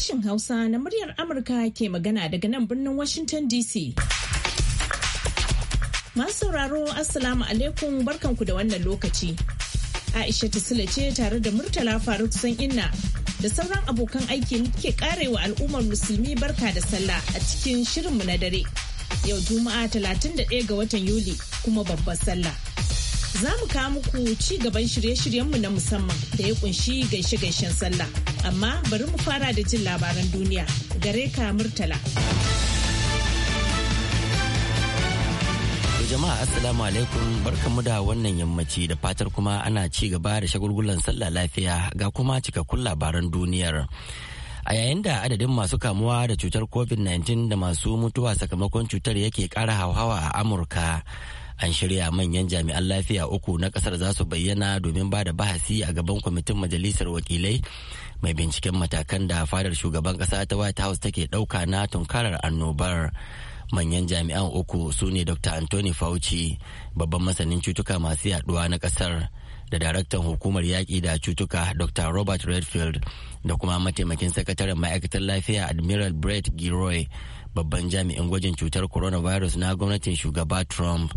sashin Hausa na muryar Amurka ke magana daga nan birnin Washington DC. Masu sauraro Assalamu alaikum barkanku da wannan lokaci. Aisha ta Sule ce tare da Murtala Faruk san inna da sauran abokan aiki ke karewa al'ummar musulmi barka da sallah a cikin shirinmu na dare. Yau Juma'a 31 ga watan Yuli kuma babbar sallah. Za mu kawo muku ci gaban shirye-shiryenmu na musamman da ya kunshi gaishe-gaishen sallah. Amma bari mu fara da jin labaran duniya gare ka Murtala. jama'a assalamu alaikum barkamu da wannan yammaci da fatar kuma ana ci gaba da shagulgulan sallah lafiya ga kuma cikakkun labaran duniyar a yayin da adadin masu kamuwa da cutar covid-19 da masu mutuwa sakamakon cutar yake kara hauhawa a amurka an shirya manyan jami'an lafiya uku na kasar za su bayyana domin ba da bahasi a gaban kwamitin majalisar wakilai mai binciken matakan da fadar shugaban kasa ta white house take ɗauka na tunkarar annobar manyan jami'an uku su ne dr anthony fauci babban masanin cutuka masu yaduwa na kasar da daraktan hukumar yaƙi da cutuka dr robert redfield da kuma mataimakin sakataren ma'aikatar lafiya admiral brett gilroy babban jami'in gwajin cutar coronavirus na gwamnatin shugaba trump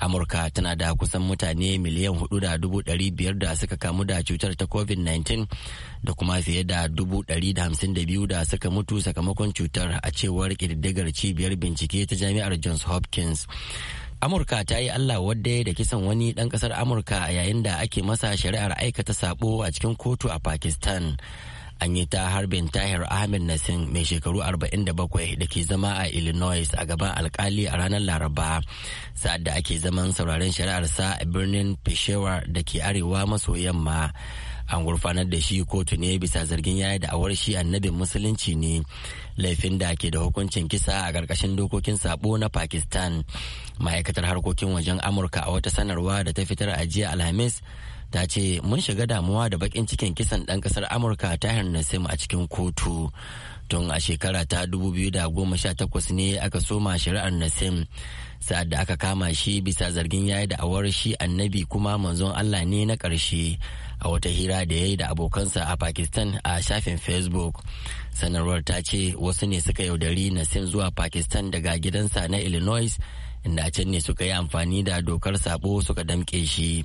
amurka tana da kusan mutane miliyan hudu da dubu dari biyar da suka kamu da cutar ta covid-19 da kuma fiye da dubu dari da hamsin da biyu da suka mutu sakamakon cutar a cewar kididdigar cibiyar bincike ta jami'ar johns hopkins amurka ta yi allah wadda da kisan wani ɗan ƙasar amurka yayin da ake masa shari'ar aikata sabo a cikin kotu a pakistan an yi ta harbin tahir ahmed nasin mai shekaru 47 da ke zama a illinois a gaban alkali a ranar laraba sa'ad da ake zaman sauraren shari'arsa a birnin peshawar da ke arewa maso yamma an gurfanar da shi kotu ne bisa zargin yaya da awar shi annabin musulunci ne laifin da ke da hukuncin kisa a ƙarƙashin dokokin sabo na pakistan ma'aikatar harkokin wajen amurka a wata sanarwa da ta fitar a jiya alhamis ta ce mun shiga damuwa da bakin cikin kisan ɗan ƙasar amurka tahir nasim a cikin kotu tun a shekara ta 2018 ne aka soma shari'ar nasim sa'ad da aka kama shi bisa zargin yayi da awar shi annabi kuma manzon allah ne na ƙarshe a wata hira da ya yi da abokansa a pakistan a shafin facebook sanarwar ta ce wasu ne suka yaudari nasim zuwa pakistan daga gidansa na illinois inda a can ne suka yi amfani da dokar sabo suka damƙe shi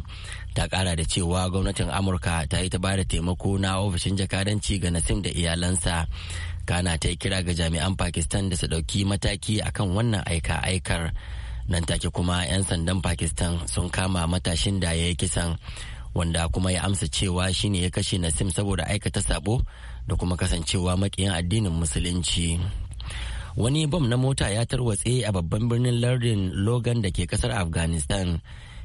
ta kara da cewa gwamnatin amurka ta yi ta bada taimako na ofishin jakadanci ga nasim da iyalansa kana ta yi kira ga jami'an pakistan da su ɗauki mataki akan wannan aika-aikar nan take kuma 'yan sandan pakistan sun kama matashin da ya yi kisan wanda kuma ya amsa cewa shine ya kashe nasim saboda aikata sabo da kuma kasancewa makiyin addinin musulunci wani bom na mota ya tarwatse a babban birnin lardin logan da ke kasar afghanistan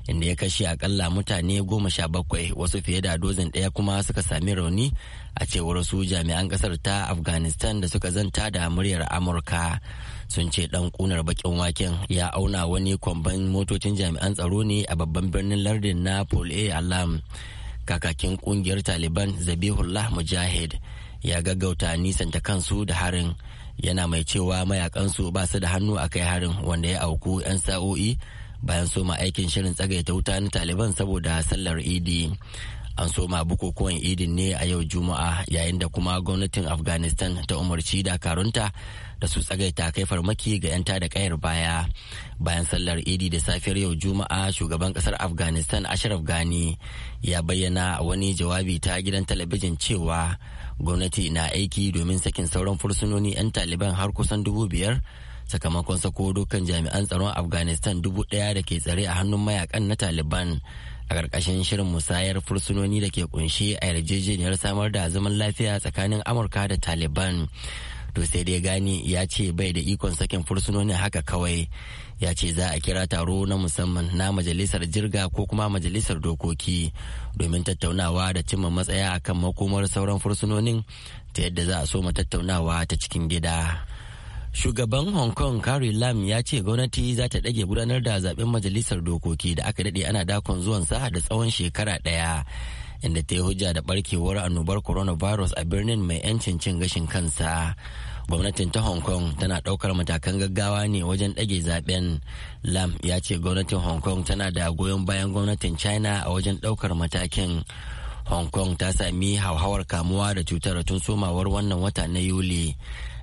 inda ya kashe akalla mutane goma sha bakwai wasu fiye da dozin ɗaya kuma suka sami rauni a cewar su jami'an ƙasar ta afghanistan da suka zanta da muryar amurka sun ce dan kunar bakin waken ya auna wani kwamban motocin jami'an tsaro ne a babban birnin lardin na Pol a alam kakakin ƙungiyar taliban zabihullah mujahid ya gaggauta nisanta kansu da harin yana mai cewa mayakansu ba su da hannu a kai harin wanda ya auku 'yan sa'o'i bayan soma aikin shirin tsagaita wuta na taliban saboda sallar idi an soma bukukuwan idin ne a yau juma'a yayin da kuma gwamnatin afghanistan ta umarci dakarunta da su tsagaita kai farmaki ga 'yan da kayar baya bayan sallar idi da safiyar yau juma'a shugaban kasar afghanistan ashraf ghani ya bayyana wani jawabi ta gidan talabijin cewa gwamnati na aiki domin sakin sauran fursunoni 'yan taliban har kusan dubu biyar sakamakon sako dukkan jami'an tsaron afghanistan dubu ɗaya da ke tsare a hannun mayakan na taliban a ƙarƙashin shirin musayar fursunoni da ke kunshe a yarjejeniyar samar da zaman lafiya tsakanin amurka da taliban to sai dai gani ya ce bai da ikon sakin fursunoni haka kawai ya ce za a kira taro na musamman na majalisar jirga ko kuma majalisar dokoki domin tattaunawa da cimma matsaya a kan makomar sauran fursunonin ta yadda za a soma tattaunawa ta cikin gida shugaban hong kong carrie lam ya ce gwamnati za ta ɗage gudanar da zaben majalisar dokoki da aka daɗe ana dakon zuwan sa da tsawon shekara ɗaya inda ta yi hujja da barkewar annobar coronavirus a birnin mai 'yancin cin gashin kansa gwamnatin ta hong kong tana ɗaukar matakan gaggawa ne wajen dage zaben lam ya ce gwamnatin hong kong tana da goyon bayan gwamnatin china a wajen ɗaukar matakin hong kong ta sami hauhawar kamuwa da cutar tun somawar wannan wata na yuli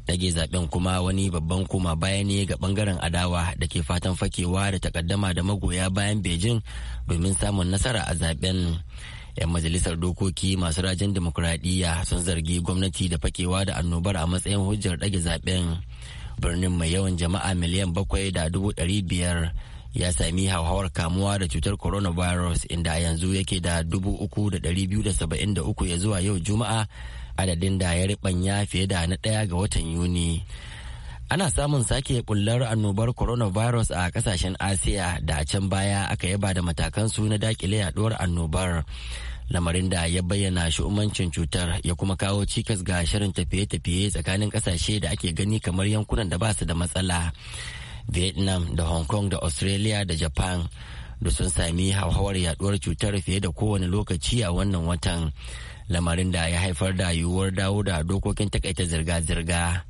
dage zaben kuma wani babban kuma baya ne ga bangaren adawa da ke fatan fakewa da takaddama da magoya bayan beijing domin samun nasara a zaben 'yan majalisar dokoki masu rajin demokuraɗiyya sun zargi gwamnati da fakewa da annobar a matsayin hujjar ɗage zaben birnin mai yawan jama'a miliyan bakwai da dubu ɗari biyar ya sami hauhawar kamuwa da cutar coronavirus inda yanzu yake da dubu uku da ɗari biyu da saba'in da uku ya zuwa yau juma'a adadin da ya riɓanya fiye da na ɗaya ga watan yuni ana samun sake kullar annobar coronavirus a kasashen asiya da a can baya aka yaba da matakan su na dakile yaduwar annobar lamarin da ya bayyana shu'umancin cutar ya kuma kawo cikas ga shirin tafiye-tafiye tsakanin kasashe da ake gani kamar yankunan da ba su da matsala vietnam da hong kong da australia da japan da sun sami hauhawar yaduwar cutar fiye da kowane lokaci a wannan watan lamarin da ya haifar da yiwuwar dawo da dokokin takaita zirga-zirga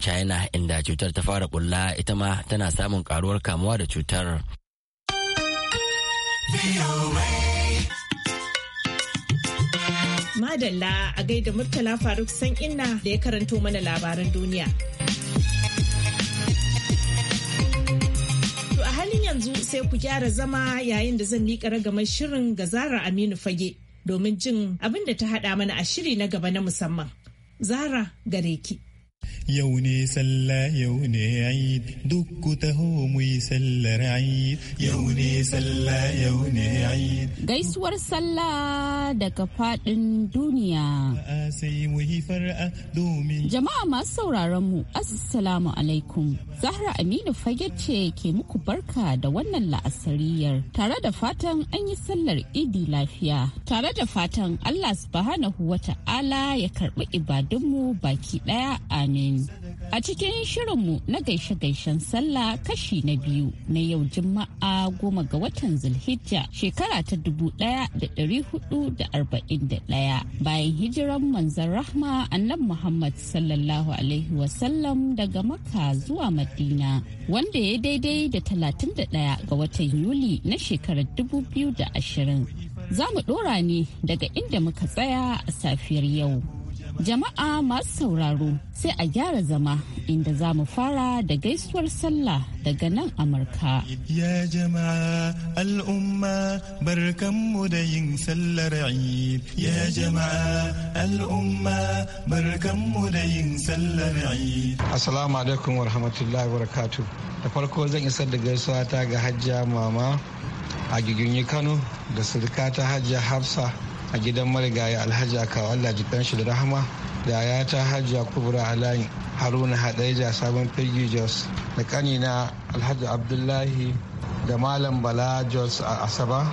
china inda cutar ta fara bulla ita ma tana samun karuwar kamuwa da cutar madalla a gaida murtala faruk san inna da ya karanto mana labaran duniya to a halin yanzu sai ku gyara zama yayin da zan miƙa ragamar shirin ga zara aminu fage domin jin abin da ta haɗa mana a shiri na gaba na musamman zara gare ki yau ne sallah yau ne aid duk ku taho mu sallar aid yau ne sallah yau ne aid gaisuwar sallah daga fadin duniya sai mu yi far'a domin jama'a masu sauraron mu assalamu alaikum zahra aminu fage ce ke muku barka da wannan la'asariyar tare da fatan an yi sallar idi lafiya tare da fatan allah subhanahu wata'ala ya karbi ibadunmu baki daya a Amin. A cikin shirinmu na gaishe-gaishen sallah kashi na biyu na yau Juma'a goma ga watan Zulhijja shekara ta dubu ɗaya da ɗari hudu da arba'in da ɗaya bayan hijiran manzan rahma annan Muhammad sallallahu alaihi wasallam daga maka zuwa Madina wanda ya daidai da talatin da ɗaya ga watan Yuli na shekarar dubu biyu da ashirin. Za mu ɗora ne daga inda muka tsaya a safiyar yau. Jama'a masu sauraro sai a gyara zama inda za mu fara da gaisuwar sallah daga nan Amurka. Ya jama'a al'umma barkanmu da yin sallar Eid. Ya jama'a al'umma barkanmu da yin sallar Eid. Assalamu alaikum wa rahmatullahi wa Da farko zan isar da gaisuwa ta ga hajja mama a gigin Kano da sirka ta hajja Hafsa a gidan marigayi alhaji akawa allah jikan shi da rahama da ya ta hajiya kubura a layin haruna Hadaija sabon fegi jos da kanina alhaji abdullahi da malam bala jos a asaba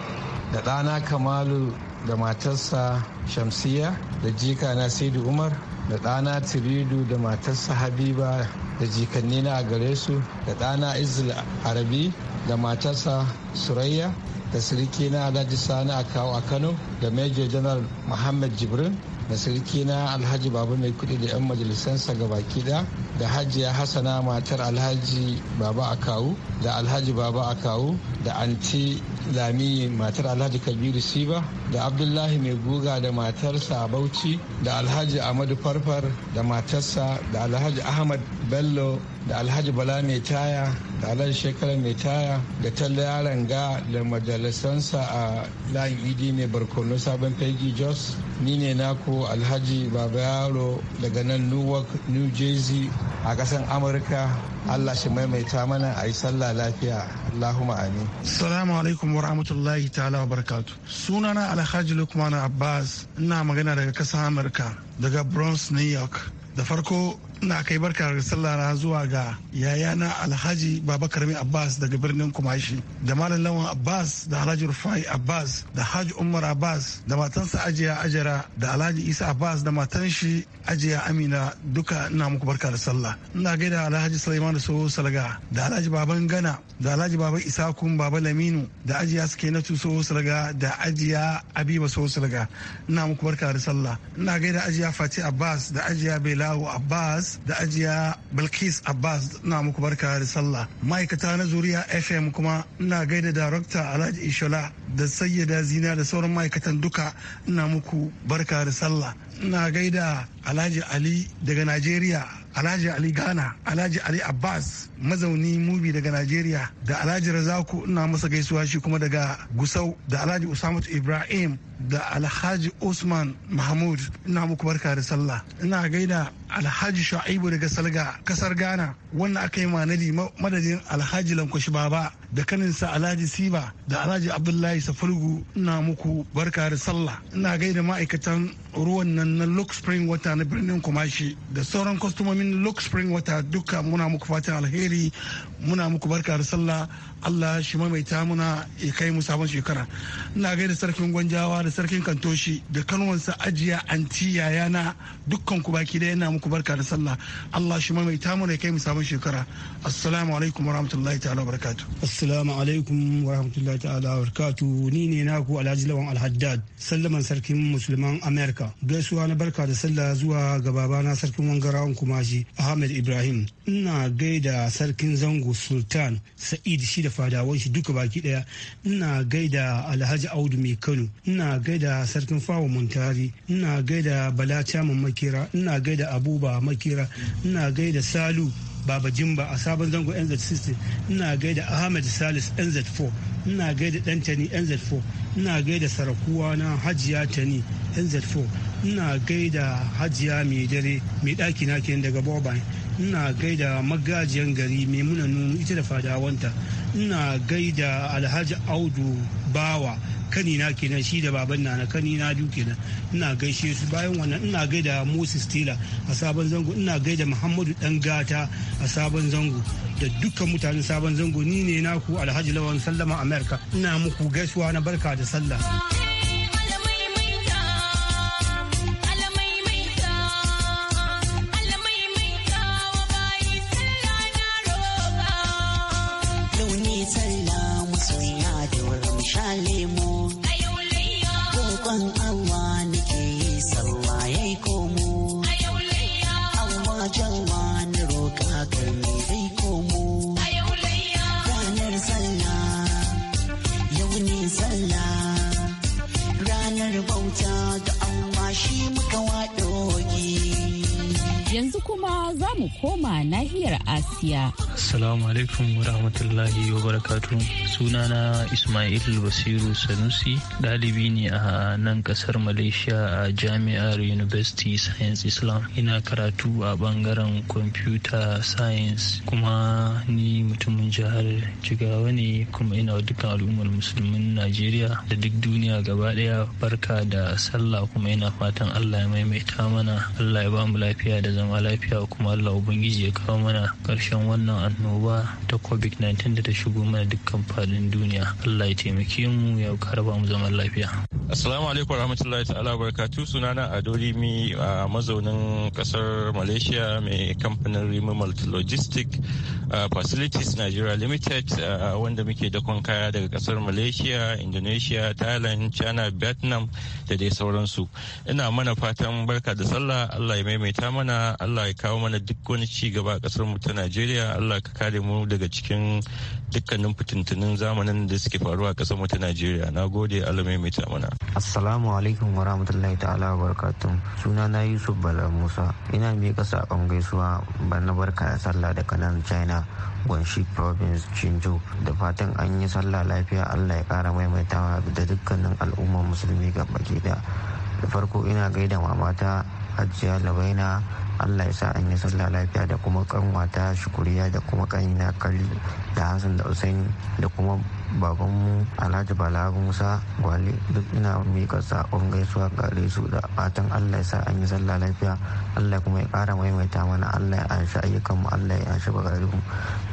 da ɗana kamalu da matarsa shamsiya da jika na saidu umar da ɗana tiridu da matarsa habiba da jikanni na a gare su da ɗana izil arabi da matarsa surayya da sirikina na alhaji sani akawo a kano da major general muhammad jibrin da sirikina na alhaji baba mai kudi da yan majalisansa baki da da hajiya hasana matar alhaji baba akawu da alhaji baba akawu da anti lami matar alhaji kabiru siba da abdullahi mai guga da matarsa a bauchi da alhaji amadu farfar da matarsa da alhaji ahmad bello da alhaji bala mai taya da shekarar mai taya da talla yaranga ga da majalisansa a layin idi mai barkono sabon fegi jos ni ne naku alhaji baba yaro daga nan newark new jersey a kasan amurka allah shi maimaita mana a yi sallah lafiya allahumma amin salamu alaikum wa rahmatullahi ta'ala wa barakatu sunana alhaji lukman abbas ina magana daga kasan amurka daga bronx new york da farko na kai barka da sallah na zuwa ga yayana alhaji baba karami abbas daga birnin kumashi da malam lawan abbas da alhaji rufai abbas da haji umar abbas da matansa ajiya ajara da alhaji isa abbas da matan shi ajiya amina duka ina muku barka da sallah ina gaida alhaji sulaiman so salga da alhaji baban gana da alhaji baba isakun baba laminu da ajiya suke na soho salga da ajiya abiba so salga ina muku barka da sallah ina gaida ajiya fati abbas da ajiya bela Abdullahi Abbas da ajiya Bilkis Abbas na muku barka da sallah. Ma'aikata na zuriya FM kuma ina gaida darakta Alhaji Ishola da sayyada zina da sauran ma'aikatan duka ina muku barka da sallah. ina gaida alhaji ali daga nigeria alhaji ali ghana alhaji ali abbas mazauni mubi daga nigeria da alhaji razaku ina masa gaisuwa shi kuma daga gusau da alhaji usamatu ibrahim da alhaji usman mahmud ina muku barka da sallah ina gaida alhaji sha'ibu daga salga kasar ghana wannan aka yi madadin alhaji lankwashi baba da kaninsa alhaji siba da alhaji abdullahi safargu ina muku barka da sallah ina gaida ma'aikatan ruwan nan na lok spring wata na birnin kumashi da sauran kwastomomin lok spring wata duka muna muku fatan alheri muna muku barka da sallah Allah shi maimaita muna ya kai mu sabon shekara ina gaida sarkin gwanjawa da sarkin kantoshi da kanwansa ajiya anti yayana dukkan ku baki da yana muku barka da sallah Allah shi maimaita muna ya kai mu sabon shekara assalamu alaikum warahmatullahi ta'ala barakatu assalamu alaikum warahmatullahi ta'ala barakatu ni ne naku alhaji lawan alhaddad sallaman sarkin musulman america gaisuwa na barka da sallah zuwa ga babana sarkin wangarawan kumashi ahmed ibrahim ina gaida sarkin zango sultan sa'id shi da fadawan shi duka baki daya ina gaida alhaji audu mai kano ina gaida sarkin fawa muntari ina gaida bala caman makera ina gaida abuba makera ina gaida salu baba jimba a sabon zango nz60 ina gaida ahmed salis nz4 ina gaida dantani nz4 ina gaida sarakuwa na hajiya tani nz4 ina gaida hajiya mai dare mai daki na daga boban ina gaida magajiyan gari mai muna nunu ita da fadawanta ina gaida alhaji audu bawa kanina kenan shi da baban nana kanina biyu kenan ina gaishe su bayan wannan ina gaida moses taylor a sabon zango ina gaida muhammadu dan gata a sabon zango da dukkan mutanen sabon zango ni ne naku alhaji lawan sallama america ina muku gaisuwa na barka da sallah nahiyar Asiya. Assalamu alaikum wa rahmatullahi wa barakatuhu. sunana ismail basiru sanusi ɗalibi ne a nan ƙasar malaysia a jami'ar university science islam ina karatu a ɓangaren computer science kuma ni mutumin jihar jigawa ne kuma ina dukkan al'ummar musulmin najeriya da duk duniya gaba ɗaya barka da sallah kuma ina fatan allah ya maimaita mana allah ya ba mu lafiya da zama lafiya kuma allah ubangiji ya kawo mana karshen wannan annoba ta covid-19 da ta shigo mana dukkan faɗin duniya allah ya taimake mu ya karba mu zaman lafiya assalamu alaikum warahmatullahi ta'ala barkatu sunana mi a mazaunin kasar malaysia mai kamfanin Multi logistic facilities nigeria limited wanda muke dakon kaya daga kasar malaysia indonesia thailand china vietnam da dai sauransu ina mana fatan barka da sallah allah ya maimaita mana allah ya kawo mana duk wani ci gaba a kasar mu ta nigeria allah ka kare mu daga cikin dukkanin fitintunin zamanin da suke faruwa a ƙasar mu ta Najeriya. Na gode alamai mai ta mana. Assalamu alaikum wa rahmatullahi ta'ala wa barakatuh. Suna na Yusuf Bala Musa. Ina miƙa saƙon gaisuwa bana barka da sallah daga nan China. Gwanshi province Chinjo da fatan an yi sallah lafiya Allah ya ƙara maimaitawa da dukkanin al'ummar musulmi ga da da farko ina gaida mamata hajiya labaina allah ya sa an yi sallah lafiya da kuma kanwata shukuriya da kuma kanina kali da hassan da usaini da kuma babanmu alhaji bala musa gwale duk ina miƙa saƙon gaisuwa gare su da fatan allah ya sa an yi sallah lafiya allah kuma ya kara maimaita mana allah ya anshi ayyukanmu allah ya anshi bagarinmu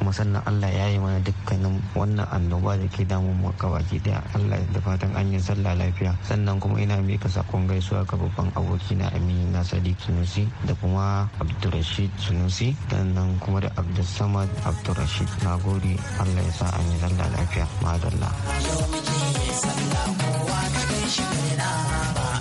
kuma sannan allah ya yi mana dukkanin wannan annoba da ke damun mu baki daya allah ya da fatan an yi sallah lafiya sannan kuma ina miƙa saƙon gaisuwa ga babban abokina aminu na sadiq sunusi da kuma abdulrashid sunusi sannan kuma da abdulsamad abdulrashid na gode allah ya sa an yi sallah lafiya Yau muke sallah kowa ka kai shi ba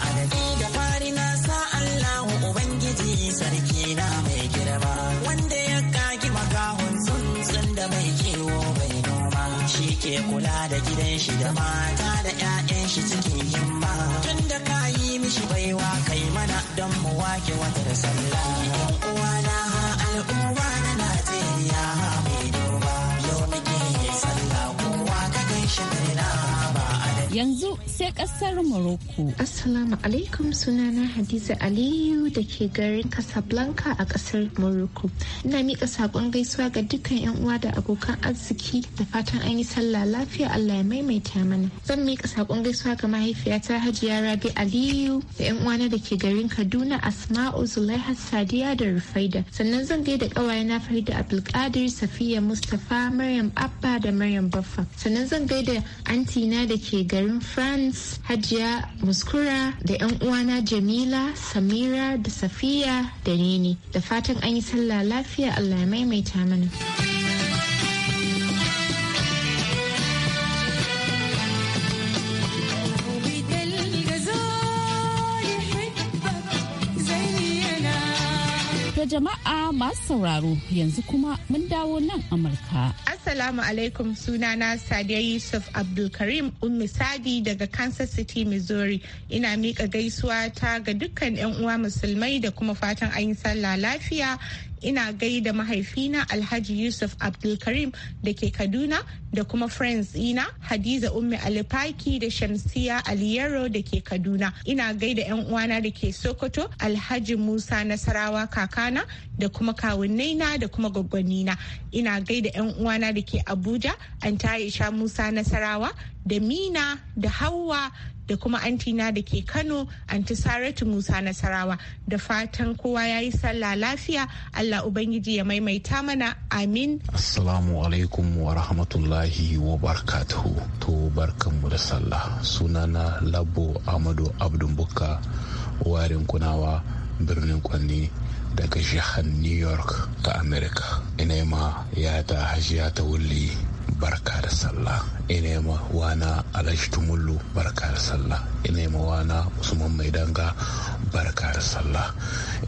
adadi da fari na sa Allahu Ubangiji sarki na mai girma wanda ya kagi makahon tsuntsun da mai kiwo bai noma shi ke kula da gidan shi da mata da 'ya'yan shi cikin himma tunda da ka yi mishi baiwa kai mana don mu wake watar sallah. Yan uwana al'umma yanzu sai kasar Morocco. Assalamu alaikum sunana Hadiza Aliyu da ke garin Casablanca a kasar Morocco. Ina miƙa saƙon gaisuwa ga dukkan yan uwa da abokan arziki da fatan an yi sallah lafiya Allah ya maimaita mana. Zan mika sakon gaisuwa ga mahaifiyata Hajiya Rabi Aliyu da yan uwana da ke garin Kaduna Asma'u Zulaiha Sadiya da Rufaida. Sannan zan gaida kawayena Farida Abdulkadir Safiya Mustapha Maryam Abba da Maryam Baffa. Sannan zan gaida antina da ke garin garin France, Hajiya Muskura da 'yan uwana Jamila, Samira da Safiya da Nini. Da fatan an yi sallah lafiya Allah ya maimaita mana. Ga jama'a masu sauraro yanzu kuma mun dawo nan Amurka. Assalamu alaikum sunana Sadiya Yusuf Abdulkarim Ummi Sadi daga Kansas City, Missouri. Ina miƙa gaisuwa ta ga dukkan 'yan uwa musulmai da kuma fatan an yi sallah lafiya ina gaida mahaifina alhaji yusuf abdulkarim da ke kaduna da kuma friends ina hadiza ummi alifaki da shamsiya aliyero da ke kaduna ina gaida yan uwana da ke sokoto alhaji musa nasarawa kakana da kuma kawunnaina da kuma gwaggwanina ina gaida yan uwana da ke abuja an musa nasarawa da mina da hawa da kuma antina da ke Kano anti Saratu Musa Nasarawa da fatan kowa ya yi sallah lafiya Allah Ubangiji ya maimaita mana amin. Assalamu alaikum wa rahmatullahi wa barakatuhu to barkanmu da sallah sunana Labo Amadu Buka warin kunawa birnin kwanni daga jihar New York ta Amerika. Ina ma ya ta hajiya ta wuli barka da sallah. ina ma wana alhaji tumullu barka da sallah ina wana usman mai danga barka da sallah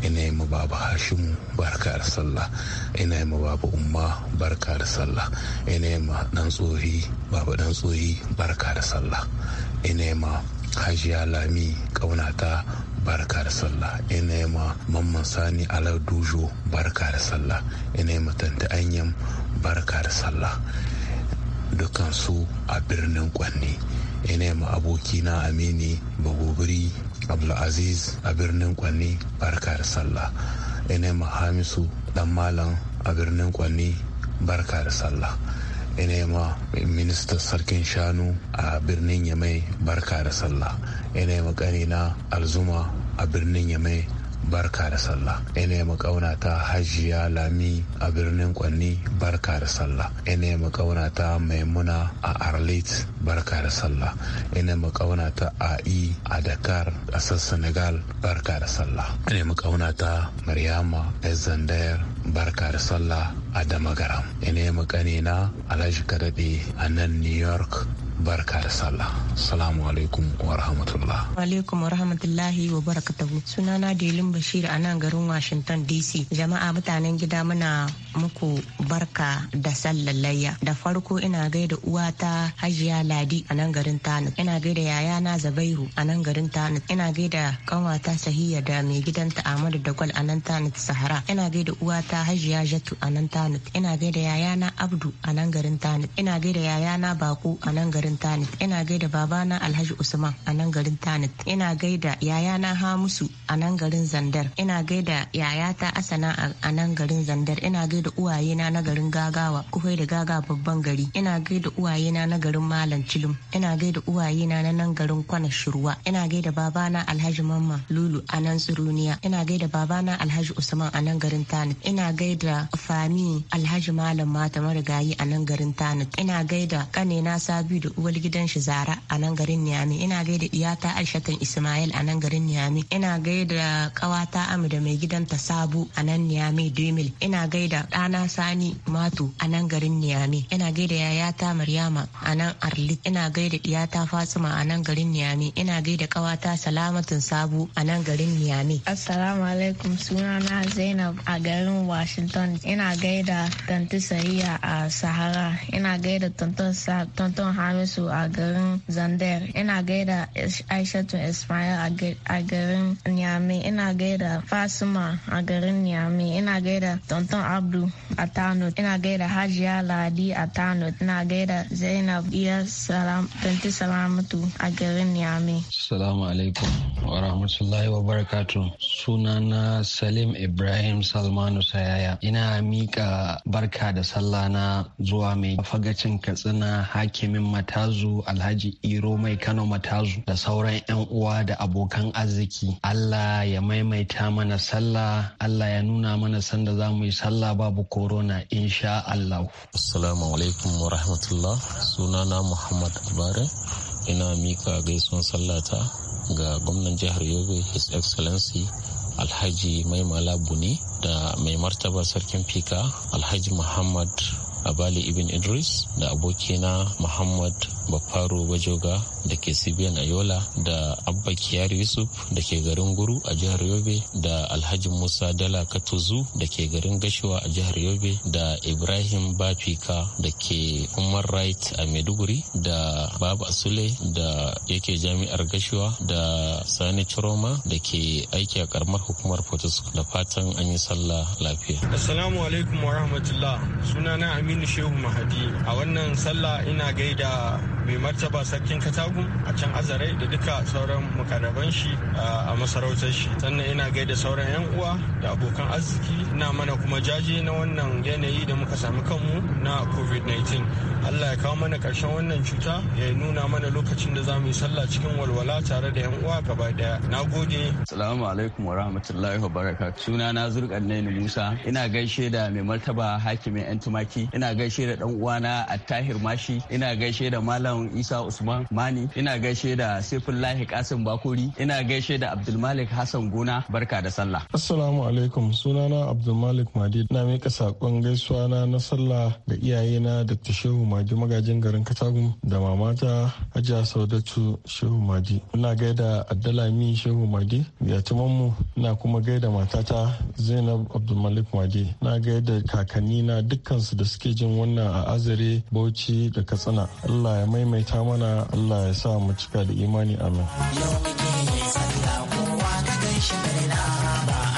ina babu baba hashimu barka da sallah ina babu umma barka da sallah ina ma dan tsohi dan tsohi barka da sallah ina haji hajiya lami kaunata barka da sallah ina mamman sani alar dujo barka da sallah ina ma anyam barka da sallah dukansu a birnin kwanne ina ma abokina amini bagobiri abdulaziz a birnin kwanne barka da sallah ina ma hamisu dan malam a birnin kwanne barka da sallah ina ma ministan sarkin shanu a birnin yamai barka da sallah ina ma kanina alzuma a birnin yamai barka da sallah ina makauna ta hajiya lami a birnin kwanni barka da sallah ina makauna ta maimuna a arlit barka da sallah ina makauna ta ai a dakar ƙasar senegal barka da sallah ina makauna ta maryama ezandayar barka da sallah a damagaram ina makani na alhaji daɗe a nan new york barka da sallah salamu alaikum wa rahmatullah alaikum wa rahmatullahi wa barakatuhu sunana delin bashir a nan garin washington dc jama'a mutanen gida muna muku barka da sallar layya da farko ina gaida uwata hajiya ladi a nan garin tanit ina gaida yayana zabairu a nan garin tanit ina gaida kanwata sahiya da mai gidanta ahmadu dagwal a nan tanit sahara ina gaida uwata hajiya jatu a nan tanit ina gaida yayana abdu a nan garin tanit ina gaida yayana bako a nan garin garin tanit ina gaida babana alhaji usman a nan garin tanit ina gaida yayana hamusu a nan garin zandar ina gaida yayata asana a nan garin zandar ina gaida uwayena na garin gagawa kufai da gaga babban gari ina gaida uwayena na garin malam cilum ina gaida uwayena na nan garin kwana shirwa ina gaida babana alhaji mamma lulu a nan tsiruniya ina gaida babana alhaji usman a nan garin tanit ina gaida fami alhaji malam mata marigayi a nan garin tanit ina gaida kanena sabi da uwar gidan shi Zara a nan garin Niamey ina gaida iyata Aishatan Ismail a nan garin Niamey ina gaida kawata Amu da mai gidanta Sabu a nan Niamey Demil ina gaida ɗana Sani Matu a nan garin Niamey ina gaida yayata Maryama a nan arli ina gaida iyata Fatima a nan garin Niamey ina gaida kawata Salamatin Sabu a nan garin Niamey Assalamu alaikum sunana Zainab a garin Washington ina gaida tantu Sariya a Sahara ina gaida Tonton Tonton Hamidu su a garin Zander. Ina gaida Aishatu Ismail a garin Niamey. Ina gaida Fasima a garin Niamey. Ina gaida Tonton Abdu a tanut Ina gaida Hajiya Ladi a tanut Ina gaida Zainab Iya Salam Tanti Salamatu a garin Niamey. salamu alaikum wa rahmatullahi wa barakatuh. Sunana Salim Ibrahim Salmanu Sayaya. Ina mika barka da sallah na zuwa mai fagacin katsina hakimin mata matazu alhaji iro mai kano matazu da sauran 'yan uwa da abokan arziki allah ya maimaita mana sallah allah ya nuna mana sanda za mu yi sallah babu korona insha allah assalamu alaikum wa rahmatullah sunana muhammad abare ina mika gaisuwan sallata ga gwamnan jihar yobe his excellency alhaji maimala buni da mai martaba sarkin fika alhaji muhammad abali ibn idris da abokina muhammad bafaro bajoga da ke sibiyan ayola da abba kiyar yusuf da ke garin guru a jihar yobe da alhaji musa dala katuzu da ke garin gashuwa a jihar yobe da ibrahim bafika da ke human right a maiduguri da baba sule da yake jami'ar gashuwa da sani chiroma da ke aiki a karamar hukumar Potos da fatan an yi sallah lafiya assalamu alaikum wa rahmatullah sunana Aminu Shehu Mahadi a wannan sallah ina gaida mai martaba sarkin katagun a can azarai da duka sauran mukarraban shi a masarautar shi sannan ina gaida sauran yan uwa da abokan arziki na mana kuma jaje na wannan yanayi da muka sami kanmu na covid-19 allah ya kawo mana karshen wannan cuta ya nuna mana lokacin da za mu yi sallah cikin walwala tare da yan uwa gaba daya na gode salamu alaikum wa rahmatullahi wa baraka suna na zurkan musa ina gaishe da mai martaba hakimin yan tumaki ina gaishe da dan uwana a tahir Mashi ina gaishe da Malam Isa Usman Mani ina gaishe da Saifullahi Kasim Bakuri ina gaishe da Abdulmalik Hassan Gona barka da sallah Assalamu alaikum sunana Abdulmalik Madi na mika sakon gaisuwa na na sallah ga iyayena da ta Shehu Madi magajin garin katagun da mamata Hajiya Saudatu Shehu Madi ina gaida Addalami Shehu Madi mu na kuma gaida matata Zainab Abdulmalik Madi na gaida kakanni na dukkansu da suke jin wannan a azare bauchi da katsina allah ya maimaita mana allah ya sa mu cika da imani amin yau muke sallah kowa ka gaishe da ba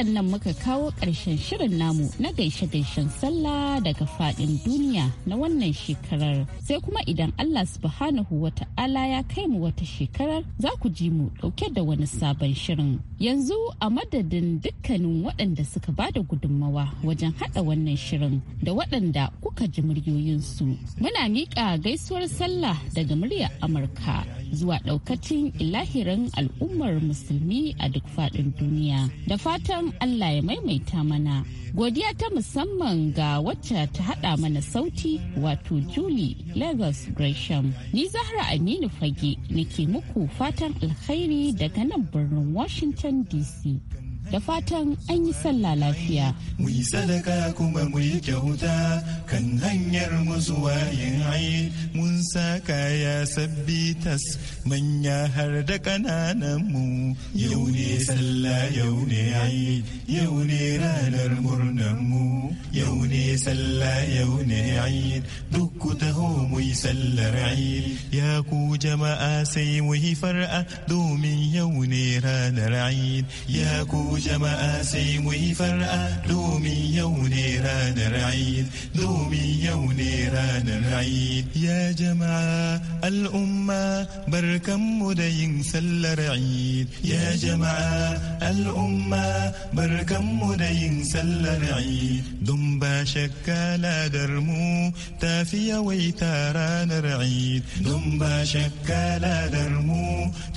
waɗannan muka kawo ƙarshen shirin namu na gaishe-gaishen sallah daga faɗin duniya na wannan shekarar. Sai kuma idan Allah subhanahu wa ta'ala ya kai mu wata shekarar za ku ji mu ɗauke da wani sabon shirin. Yanzu a madadin dukkanin waɗanda suka ba da gudunmawa wajen haɗa wannan shirin da waɗanda kuka ji muryoyinsu. Muna miƙa gaisuwar sallah daga murya Amurka zuwa ɗaukacin ilahirin al'ummar musulmi a duk faɗin duniya. Da fatan Allah ya maimaita mana. Godiya ta musamman ga wacce ta haɗa mana sauti wato Julie Lagos Gresham. Ni Zahra Aminu Fage nake muku fatan alkhairi daga nan birnin Washington DC. da fatan an yi sallah lafiya. Mu yi sadaka kuma mu yi kyauta kan hanyar mu zuwa yin ayi mun sa kaya sabbi tas manya har da ƙananan mu yau ne sallah yau ne ayi yau ne ranar murnan mu yau ne sallah yau ne ayi duk ku taho mu yi sallar ayi ya ku jama'a sai mu yi far'a domin yau ne ranar ayi ya ku jama'a sai mu yi far'a domin yau ne ranar Eid domin yau ne ranar Eid ya jama'a al'umma barkanmu da yin sallar Eid ya jama'a al'umma barkanmu da yin sallar Eid don ba shakka ladar mu ta fi yawaita ranar Eid don ba shakka ladar mu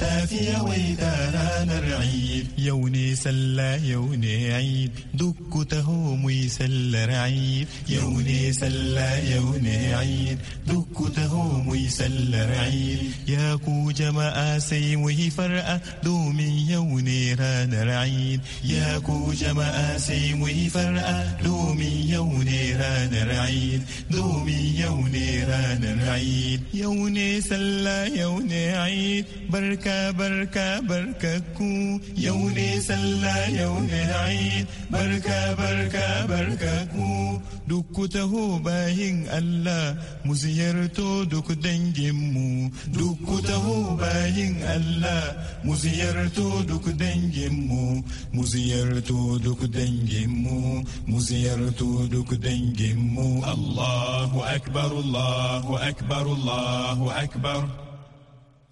ta fi yawaita ranar Eid yau ne sallar sallah yau ne aid duk ku taho mu yi sallar aid yau ne sallah yau ne aid duk ku taho mu yi sallar aid ya ku jama'a sai mu yi far'a domin yau ne ranar aid ya ku jama'a sai mu yi far'a domin yau ne ranar aid domin yau ne ranar aid yau ne sallah yau ne aid barka barka barka ku yau ne sallah yau da la'id barka barka barka ku dukku ku taho bayin Allah mu ziyarto duk danginmu duk ku taho bayin Allah mu ziyarto duk danginmu mu ziyarto duk danginmu mu ziyarto duk danginmu Allahu akbar Allahu akbar Allahu akbar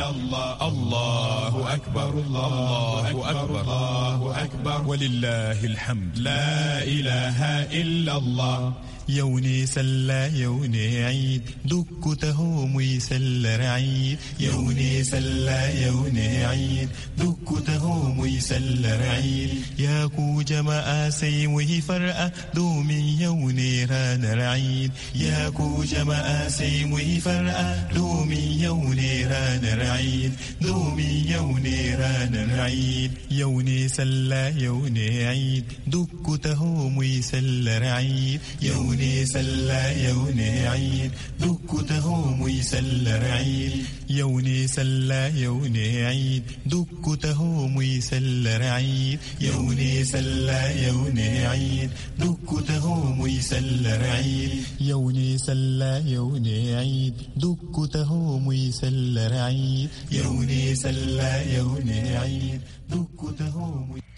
الله الله أكبر الله أكبر الله أكبر ولله الحمد لا إله إلا الله يوني سلا يوني عيد دك تهوم يسل رعيد يوني سلا يوني عيد دك تهوم يسل رعيد يا كو جما آسي وهي فرقة دومي يوني ران رعيد يا كو جما آسي وهي فرقة دومي يوني ران رعيد العيد دومي يوني ران العيد يوني سلا يوني عيد دك تهوم يسل رعيد يوني سلا يوني عيد دك تهوم يسل رعيد yau ne sallah yau ne aid duk ku taho mu sallar aid yau ne sallah yau ne aid duk ku taho mu sallar aid yau ne sallah yau ne aid duk ku taho mu sallar aid yau ne sallah yau ne aid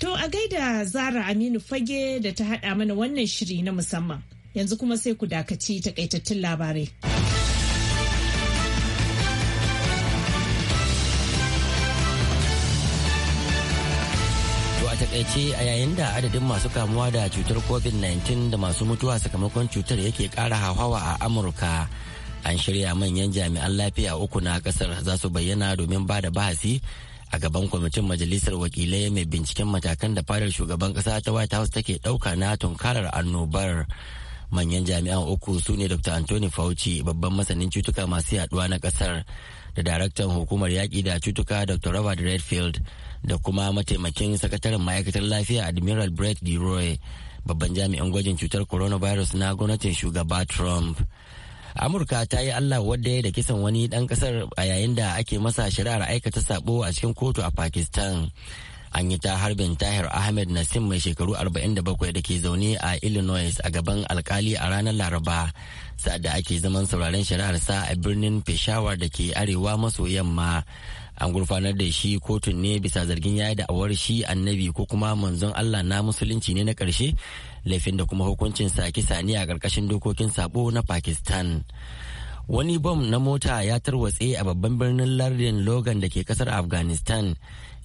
To a gaida Zara Aminu Fage da ta hada mana wannan shiri na musamman. Yanzu kuma sai ku dakaci takaitattun labarai. ce a yayin da adadin masu kamuwa da cutar covid-19 da masu mutuwa sakamakon cutar yake kara hauhawa a amurka an shirya manyan jami'an lafiya uku na kasar za su bayyana domin ba da bahasi a gaban kwamitin majalisar wakilai mai binciken matakan da fadar shugaban kasa ta white house take dauka na tunkarar annobar manyan jami'an uku su ne dr anthony fauci babban masanin cutuka masu yaduwa na kasar da daraktan hukumar yaƙi da cutuka dr robert redfield da kuma mataimakin sakataren ma'aikatar lafiya admiral brett roy babban jami'in gwajin cutar coronavirus na gwamnatin shugaba trump amurka ta yi allah wadda ya da kisan wani dan kasar a yayin da ake masa shari'ar aikata sabo a cikin kotu a pakistan an yi ta harbin tahir ahmed nasim mai shekaru 47 da ke zaune a illinois a gaban alkali a ranar laraba sa'adda ake zaman sauraren shari'arsa a birnin peshawar da ke arewa maso yamma an gurfanar da shi kotun ne bisa zargin yayi da awar shi annabi ko kuma manzon allah na musulunci ne na karshe laifin da kuma hukuncin sa kisa ne a karkashin dokokin sabo na pakistan wani bom na mota ya tarwatse a babban birnin lardin logan da ke kasar afghanistan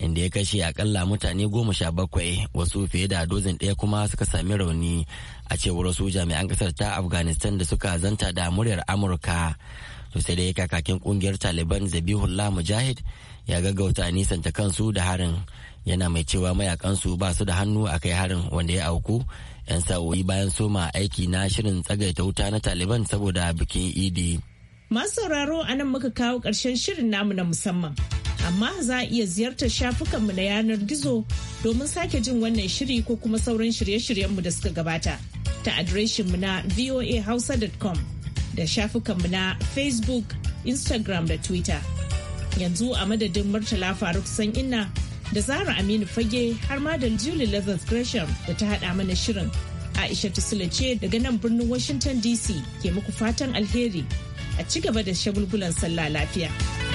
inda ya kashe akalla mutane goma sha bakwai wasu fiye da dozin ɗaya kuma suka sami rauni a cewar wasu jami'an ƙasar ta afghanistan da suka zanta da muryar amurka to sai dai kakakin kungiyar taliban zabihullah mujahid ya gaggauta nisanta kansu da harin yana mai cewa mayakansu ba su da hannu a kai harin wanda ya auku 'yan sa'o'i bayan soma aiki na shirin tsagaita wuta na taliban saboda bikin idi masu sauraro a nan muka kawo ƙarshen shirin namu na musamman amma za a iya ziyartar shafukanmu na yanar gizo domin sake jin wannan shiri ko kuma sauran shirye-shiryenmu da suka gabata ta adireshinmu na voahausa.com da shafukanmu na facebook instagram da twitter yanzu a madadin murtala faruk san inna da zara aminu fage har ma da julie leathers gresham da ta hada mana shirin aisha tusula ce daga nan birnin washington dc ke muku fatan alheri a ci gaba da shagulgulan sallah lafiya.